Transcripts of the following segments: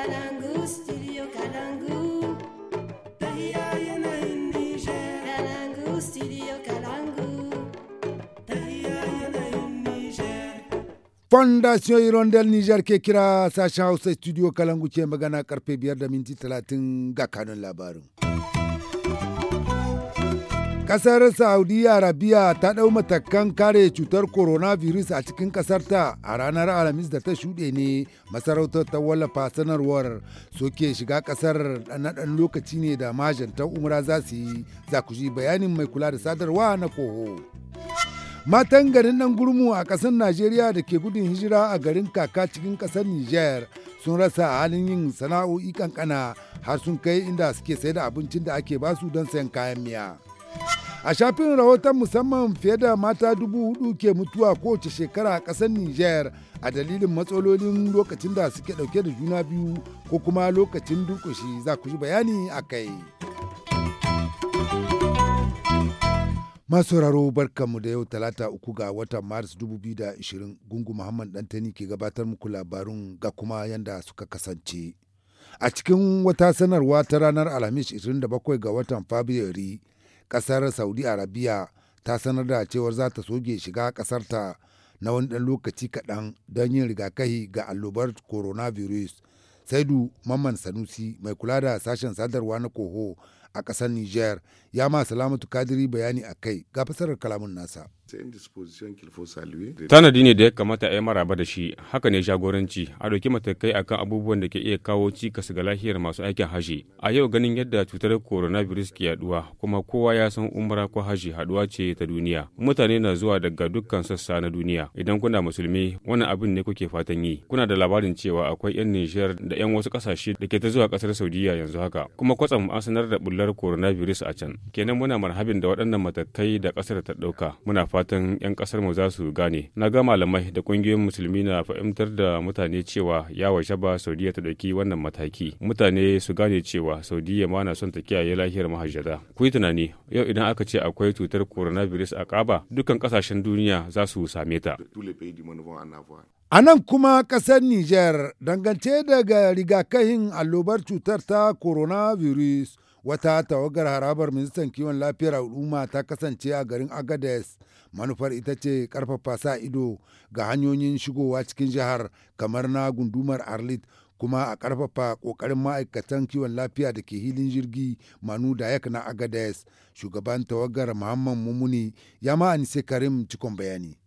Kalangu, studio Kalangu. yanayin Fondation Hirondel Niger ke kira sashen Hausa studio Kalangu ce magana karfe biyar da minti talatin ga kanun labarin. Ƙasar Saudi Arabia ta ɗau matakan kare cutar coronavirus a cikin ƙasarta a ranar Alhamis da ta shuɗe ne masarautar ta wallafa sanarwar soke shiga ƙasar na ɗan lokaci ne da majanta umra za su yi za ku ji bayanin mai kula da sadarwa na koho. Matan garin ɗan gurmu a ƙasar Najeriya da ke gudun hijira a garin kaka cikin ƙasar Nijar sun rasa halin yin sana'o'i ƙanƙana har sun kai inda suke sayar da abincin da ake basu don sayan kayan miya. A shafin rahoton musamman fiye da mata dubu hudu ke mutuwa kowace shekara a ƙasar Nijar a dalilin matsalolin lokacin da suke ɗauke da juna biyu ko kuma lokacin durƙushi za ku ji bayani a kai. masauraro barkanmu da yau talata uku ga watan maris 2020 gungu muhammad dantani ke gabatar muku labarun ga kuma yadda suka kasance a cikin wata sanarwa ta ranar alhamis 27 ga watan fabrairu kasar saudi Arabiya ta sanar da cewar za ta soge shiga kasarta na wani ɗan lokaci kaɗan don yin rigakahi ga allobar coronavirus saidu mamman sanusi mai kula da sashen sadarwa na koho a ƙasar niger ya ma salamatu kadiri bayani a kai ga fasarar kalamun nasa Tanadi ne da ya kamata a yi maraba da shi, haka ne jagoranci, a ɗauki matakai akan abubuwan da ke iya kawo cikas ga lahiyar masu aikin haji. A yau ganin yadda cutar coronavirus ke yaduwa, kuma kowa ya san umra ko haji haduwa ce ta duniya. Mutane na zuwa daga dukkan sassa na duniya. Idan kuna musulmi, wannan abin ne kuke fatan yi. Kuna da labarin cewa akwai 'yan Nijar da 'yan wasu ƙasashe da ke ta zuwa ƙasar Saudiya yanzu haka. Kuma kwatsam an sanar da bullar coronavirus a can. Kenan muna marhabin da waɗannan matakai da ƙasar ta ɗauka. Muna fata fatan 'yan kasar mu za su gane na ga malamai da kungiyoyin musulmi na fahimtar da mutane cewa ya washe ba saudiya ta ɗauki wannan mataki mutane su gane cewa saudiya ma na son ta kiyaye lafiyar mahajjada ku yi tunani yau idan aka ce akwai cutar coronavirus a kaba dukkan kasashen duniya za su same ta A nan kuma ƙasar Nijar dangance daga rigakafin allobar cutar ta coronavirus wata tawagar harabar ministan kiwon lafiyar al'umma ta kasance a garin agades manufar ita ce karfafa sa ido ga hanyoyin shigowa cikin jihar kamar na gundumar arlit kuma a karfafa kokarin ma'aikatan kiwon lafiya da ke hilin jirgi manu da yak na agades shugaban tawagar muhammad mumuni ya ma'ani karim cikon bayani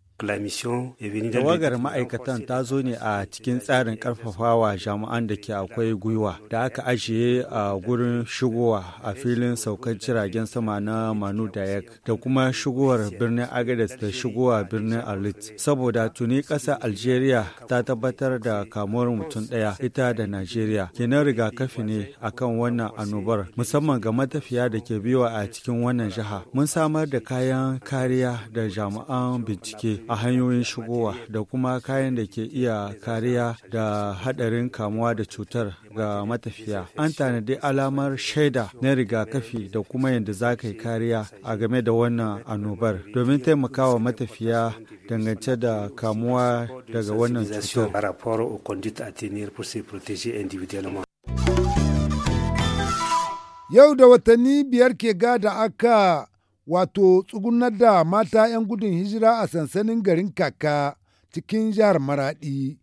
Tawagar ma'aikatan ta zo ne a cikin tsarin karfafawa jami'an da ke akwai gwiwa da aka ajiye a gurin shigowa a filin saukar jiragen sama na Manu Dayak da kuma shigowar birnin Agadez da shigowa birnin alit Saboda tuni ƙasa Algeria ta tabbatar da kamuwar mutum ɗaya ita da Najeriya. Kenan rigakafi ne akan wannan annobar musamman ga matafiya da ke biwa a cikin wannan jiha. Mun samar da kayan kariya da jami'an bincike a hanyoyin shigowa da kuma kayan da ke iya kariya da hadarin kamuwa da cutar ga matafiya. An tanadi alamar shaida na rigakafi da kuma yadda za ka yi kariya a game da wannan annobar domin taimakawa matafiya dangance da kamuwa daga wannan cutar. Yau da watanni biyar ke gada aka wato tsugunar da mata 'yan gudun hijira a sansanin garin Kaka cikin jihar Maradi.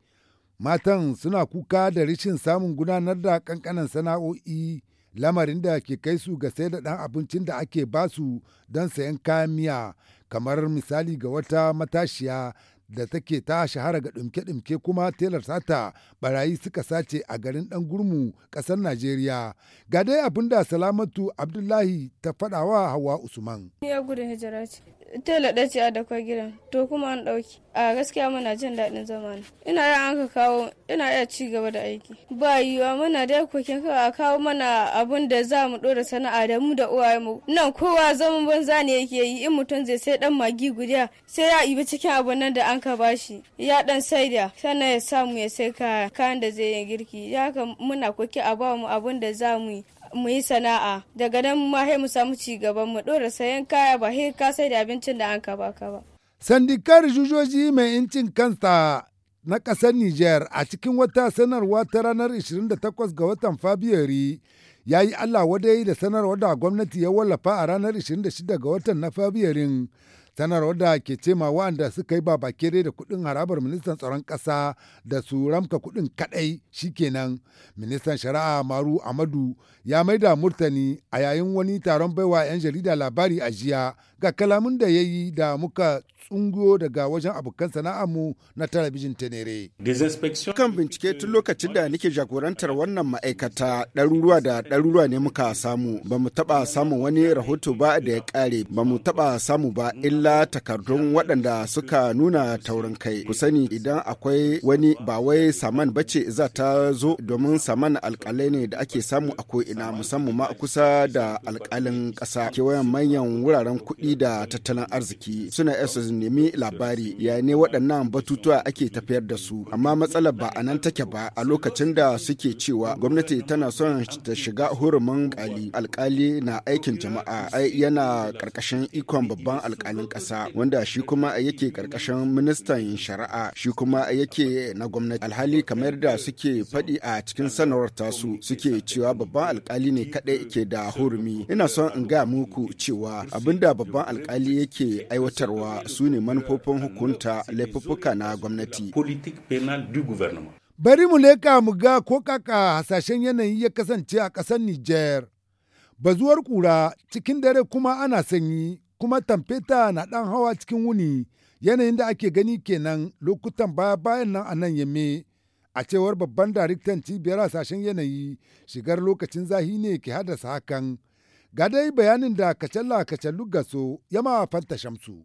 Matan suna kuka da rishin samun gudanar da ƙanƙanan sana'o'i lamarin da ke kai su ga sai da ɗan abincin da ake basu don sayan kayan miya kamar misali ga wata matashiya da take ta shahara ga ɗumke-ɗumke kuma telar sata barayi suka sace a garin ɗan gurmu ƙasar Najeriya. Ga dai abin da Salamatu Abdullahi ta faɗawa Hawa Usman. Ya gudun hijira ce. tela a da kwa gidan to kuma an ɗauki a gaskiya muna jin daɗin zamani ina yi an ka kawo ina iya ci gaba da aiki ba yiwa muna da kokin ka a kawo mana abun da za mu ɗora sana'a da mu da uwaye mu nan kowa zaman banza ne yake yi in mutum zai sai ɗan magi guda sai ya ibi cikin abun nan da an ka bashi ya ɗan saida sannan ya samu ya sai kayan da zai yi girki ya ka muna koki a ba mu abun da za mu yi mu yi sana'a daga nan ma mu samu ci gaban mu dora sayan kaya ba sai ka sai da abincin da an ka baka ba sandikar jujoji mai incin kansa na ƙasar niger a cikin wata sanarwa ta ranar 28 ga watan Fabiyari ya yi Allah wadai da sanarwa da gwamnati ya wallafa a ranar 26 ga watan na Fabiyarin sanarwar da ke ce ma suka yi ba da kudin harabar ministan tsaron kasa da su ramka kuɗin kaɗai shikenan ministan shari'a maru amadu ya da murtani a yayin wani taron baiwa 'yan jarida labari a jiya ga kalamun da ya yi da muka tsungiyo daga wajen abokan mu na talabijin tenere. kan bincike tun lokacin da nake jagorantar wannan ma'aikata ɗaruruwa da ɗaruruwa ne muka samu ba mu taɓa samun wani rahoto ba da ya kare ba mu taɓa samu ba illa illa takardun waɗanda suka nuna taurin kai ku sani idan akwai wani ba wai saman bace za ta zo domin saman alƙalai ne da ake samu a ko'ina musamman ma kusa da alƙalin ƙasa kewayen manyan wuraren kuɗi da tattalin arziki suna iya su nemi labari ya ne waɗannan batutuwa ake tafiyar da su amma matsalar ba a nan take ba a lokacin da suke cewa gwamnati tana son ta shiga hurumin alƙali alƙali na aikin jama'a ai yana ƙarƙashin ikon babban alƙalin kasa wanda shi kuma yake karkashin ministan shari'a shi kuma yake na gwamnati alhali kamar da suke faɗi a cikin sanarwar tasu suke cewa babban alkali ne kaɗai ke da hurumi ina son in ga muku cewa abinda babban alkali yake aiwatarwa su ne manufofin hukunta laifuffuka na gwamnati Bari mu leka mu ga ko kaka hasashen yanayi ya kasance a ƙasar Nijar. Bazuwar kura cikin dare kuma ana sanyi kuma tamfeta na ɗan hawa cikin wuni yanayin da ake gani kenan lokutan baya bayan nan a nan yamme a cewar babban daraktan cibiyar hasashen yanayi shigar lokacin zahi ne ke haddasa hakan Ga dai bayanin da Kacalla Kacallu ya yama Fanta Shamsu.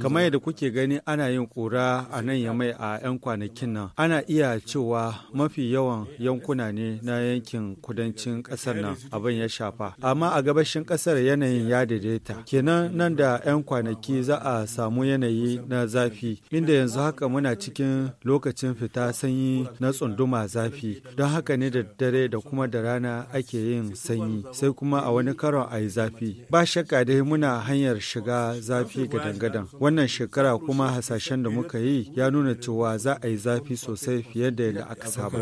Kamar yadda kuke gani ana yin kura a nan yamai a 'yan kwanakin nan. Ana iya cewa mafi yawan yankuna ne na yankin kudancin ƙasar nan abin ya shafa. Amma a gabashin ƙasar yanayin ya daidaita. Kenan nan da 'yan kwanaki za a samu yanayi na zafi. Inda yanzu haka muna cikin lokacin fita sanyi na tsunduma zafi. Don haka ne da dare da kuma da rana ake yin sanyi. Sai kuma a wani karon a yi zafi. Ba shakka dai muna hanyar shiga zafi gadan-gadan. Wannan shekara kuma hasashen da muka yi ya nuna cewa za a yi zafi sosai fiye da yadda aka saba.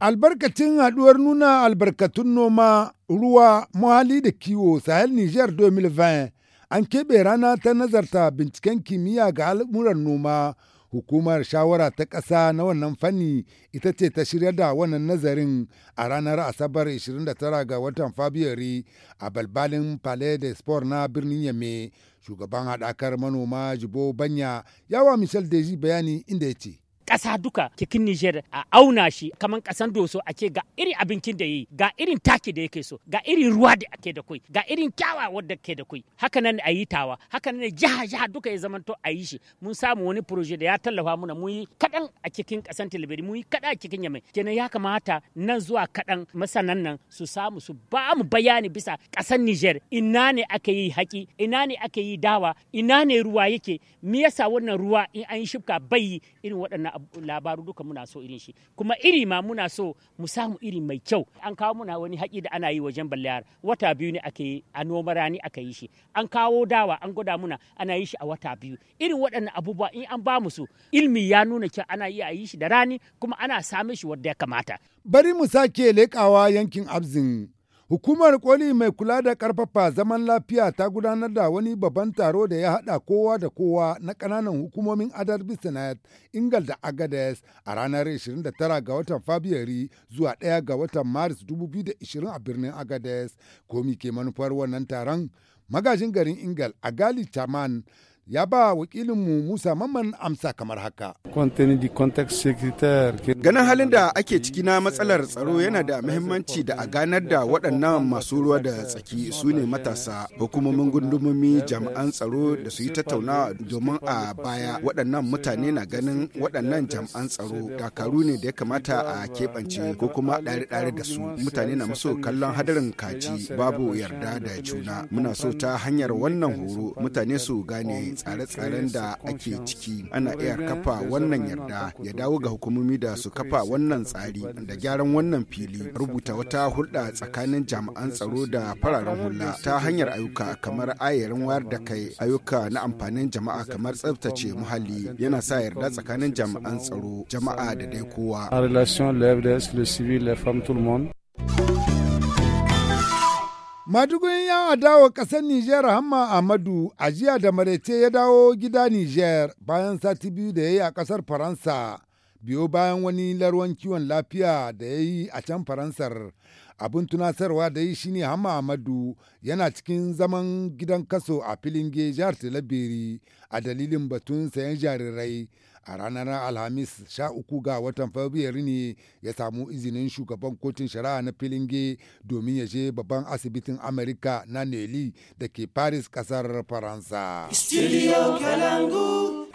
Albarkacin haɗuwar nuna albarkatun noma, ruwa, muhalli da kiwo Sahel Niger 2020 an keɓe rana ta nazarta binciken kimiyya ga al'amuran noma Hukumar shawara ta ƙasa na wannan fanni ita ce ta shirya da wannan nazarin a ranar Asabar 29 ga watan Fabiyari a balbalin Palais de Sport na birnin Yame. Shugaban haɗakar manoma Jibo Banya yawa Michel Deji bayani inda ya ce. kasa duka cikin Niger a auna shi kamar kasan doso a ce ga irin abincin da yi ga irin taki da yake so ga irin ruwa da ake da kai ga irin kyawa wadda ke da kwai haka nan a yi tawa haka nan jiha jiha duka ya zamanto a yi shi mun samu wani proje da ya tallafa muna mun yi kaɗan a cikin kasan Tilibiri mun yi kaɗan a cikin Yamai kenan ya kamata nan zuwa kaɗan masanan nan su samu su ba mu bayani bisa kasan Niger ina ne aka yi haki ina ne aka yi dawa ina ne ruwa yake me yasa wannan ruwa in an shifka bai irin waɗannan labaru duka muna so irin shi kuma iri ma muna so mu samu iri mai kyau an kawo muna wani haƙi da ana yi wajen ballayar wata biyu ne aka yi a noma rani aka yi shi an kawo dawa an gwada muna ana yi shi a wata biyu irin waɗannan abubuwa in an ba mu su ilmi ya nuna cewa ana iya yi shi da rani kuma ana same shi wadda ya kamata bari mu sake lekawa yankin abzin Hukumar koli mai kula da ƙarfafa zaman lafiya ta gudanar da wani babban taro da ya haɗa kowa da kowa na ƙananan hukumomin Adar Bisanayat, Ingal da Agades a ranar 29 ga watan Fabiyari zuwa 1 ga watan Maris 2020 a birnin Agades. Komi ke manufar wannan taron? Magajin garin Ingal, gali chaman ya ba mu Musa Mamman amsa kamar haka. Ganin halin da ake ciki na matsalar tsaro yana da muhimmanci da a ganar da waɗannan masu ruwa da tsaki su ne matasa hukumomin gundumomi jami'an tsaro da su yi tattaunawa domin a baya waɗannan mutane na ganin waɗannan jami'an tsaro dakaru ne da ya kamata a keɓance ko kuma ɗare-ɗare da su mutane na musu kallon hadarin kaci babu yarda da juna muna so ta hanyar wannan horo mutane su gane tsare-tsaren da ake ciki ana iya kafa wannan yarda ya dawo ga hukumomi da su kafa wannan tsari da gyaran wannan fili rubuta wata hulɗa tsakanin jami'an tsaro da fararen hula ta hanyar ayuka kamar ayarin wayar da kai ayyuka na amfanin jama'a kamar tsabtace muhalli yana sa yarda tsakanin jami'an tsaro jama'a da dai kowa. Madugun ya dawo ƙasar Nijar Hamma Ahmadu a jiya da maraice ya dawo gida Nijar bayan sati biyu da ya yi a ƙasar Faransa biyo bayan wani larwan kiwon lafiya da ya yi a can Faransar. Abin tunasarwa da yi shine Hamma Ahmadu yana cikin zaman gidan kaso a filin jihar Talabiri a dalilin batun sayan jarirai a ranar alhamis sha uku ga watan fabrairu ne ya samu izinin shugaban kotun shari'a na filinge domin ya je babban asibitin amurika na neli da ke paris kasar faransa. Studio Kalangu.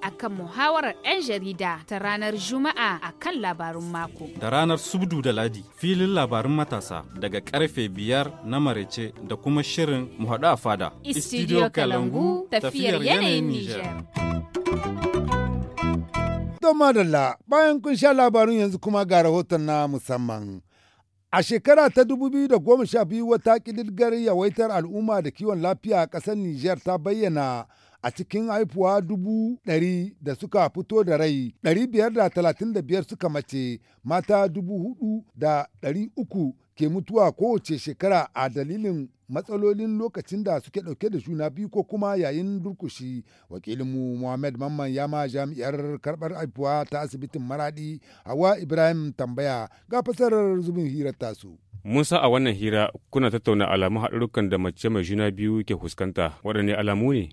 akan muhawarar 'yan jarida ta ranar Juma'a a kan labarun mako. Da ranar Subdu da Ladi filin labarun matasa daga karfe biyar na marece da kuma shirin muhaɗu a fada. Istidiyo Kalangu tafiyar yanayin Nijar. Don madalla bayan kun sha labarun yanzu kuma ga rahoton na musamman. A shekara ta biyu wata ƙididgar yawaitar al'umma da kiwon lafiya a ƙasar Nijar ta bayyana a cikin haifuwa dubu ɗari da suka fito da rai ɗari biyar da talatin da biyar suka mace mata dubu hudu da ɗari uku ke mutuwa kowace shekara a dalilin matsalolin lokacin da suke ɗauke da juna biyu ko kuma yayin durkushi wakilinmu muhammed mamman ya ma jami'ar karbar abuwa ta asibitin maradi hawa ibrahim tambaya ga fasarar zubin hirar tasu. musa a wannan hira kuna tattauna alamu haɗarukan da mace mai juna biyu ke fuskanta waɗanne alamu ne?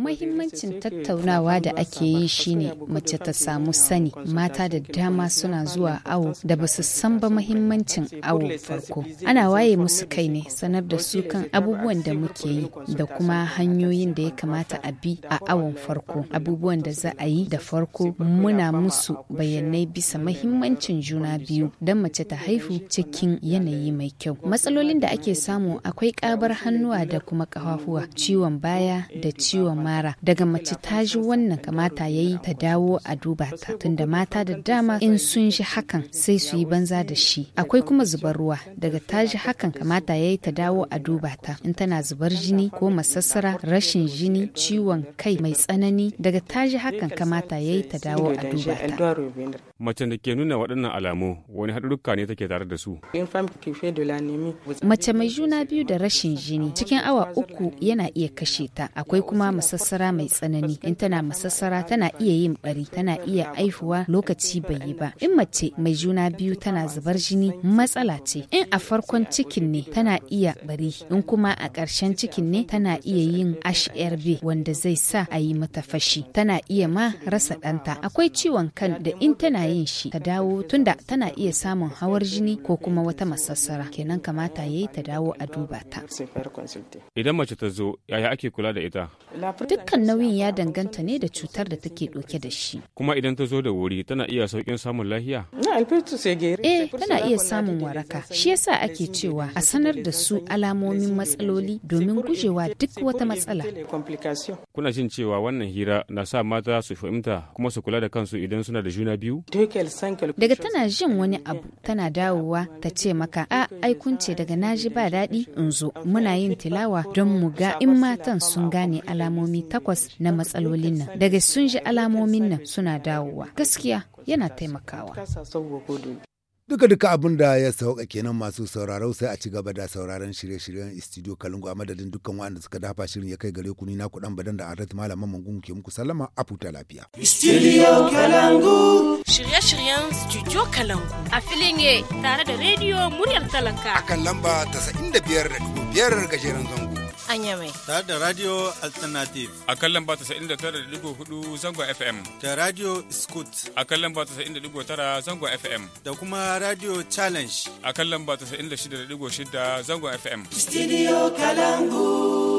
Mahimmancin tattaunawa da ake yi shine mace ta samu sani mata da dama suna zuwa awo da ba su san ba mahimmancin awo farko. Ana waye musu kai ne sanar da su kan abubuwan da muke yi da kuma hanyoyin da ya kamata a bi a awon farko abubuwan da za a yi da farko muna musu bayanai bisa mahimmancin juna biyu don mace ta haihu cikin yanayi mai kyau matsalolin da ake samu akwai kabar hannuwa da kuma kafafuwa ciwon baya da ciwon mara daga mace ta ji wannan kamata ya yi ta dawo a duba ta tunda mata da dama in sun ji hakan sai su yi banza da shi akwai kuma zubar ruwa daga ta ji hakan kamata ya yi ta dawo a duba ta in tana zubar jini ko masassara rashin jini ciwon kai mai tsanani daga taji hakan kamata ya yi ta dawo a duba ta. Mace da ke nuna waɗannan alamu wani haɗurruka ne take tare da su. Mace mai juna biyu da rashin jini cikin awa uku yana iya kashe ta akwai kuma masassara mai tsanani in tana masassara tana iya yin bari tana iya haihuwa lokaci bai yi ba in mace mai juna biyu tana zubar jini matsala ce in a farkon cikin ne tana iya bari in kuma a ƙarshen cikin ne tana iya yin HRV wanda zai sa a yi mata fashi tana iya ma rasa ɗanta akwai ciwon kan da in tana yin shi ta dawo tunda tana iya samun hawar jini ko kuma wata masassara kenan kamata ya yi ta dawo a duba ta idan mace ta zo yaya ake kula da ita dukkan nauyin ya danganta ne da cutar da take ɗauke da shi kuma idan ta zo da wuri tana iya sauƙin samun lahiya. Eh, tana iya samun waraka. Shi yasa ake cewa a sanar da su alamomin matsaloli domin gujewa duk wata matsala. Kuna jin cewa wannan hira na sa mata su fahimta kuma su kula da kansu idan suna da juna biyu? Daga tana jin wani abu tana dawowa ta ce maka a aikunce daga naji ba daɗi in zo muna yin tilawa don mu ga in matan sun gane alamomi takwas na matsalolin nan. Daga sun ji alamomin nan suna dawowa. Gaskiya yana taimakawa. Duka-duka abin da ya sauka kenan masu sauraro sai a ci gaba da sauraron shirye-shiryen studio Kalungu a madadin dukkan waɗanda suka dafa shirin ya kai gare ku ni na kuɗan badan da Arat Malaman Mangun ke muku sallama a futa lafiya. Studio Kalungu. Shirye-shiryen Studio Kalungu. A filin ye tare da rediyo muryar talaka. A kan lamba 95.5 gajeren zango. a Nyamai. Tare da Radio Alternative. A kan lamba hudu zangon FM. Da Radio Scoot. A kan lamba tara zangon FM. Da kuma Radio Challenge. A kan lamba shida zangon FM. Studio Kalangu.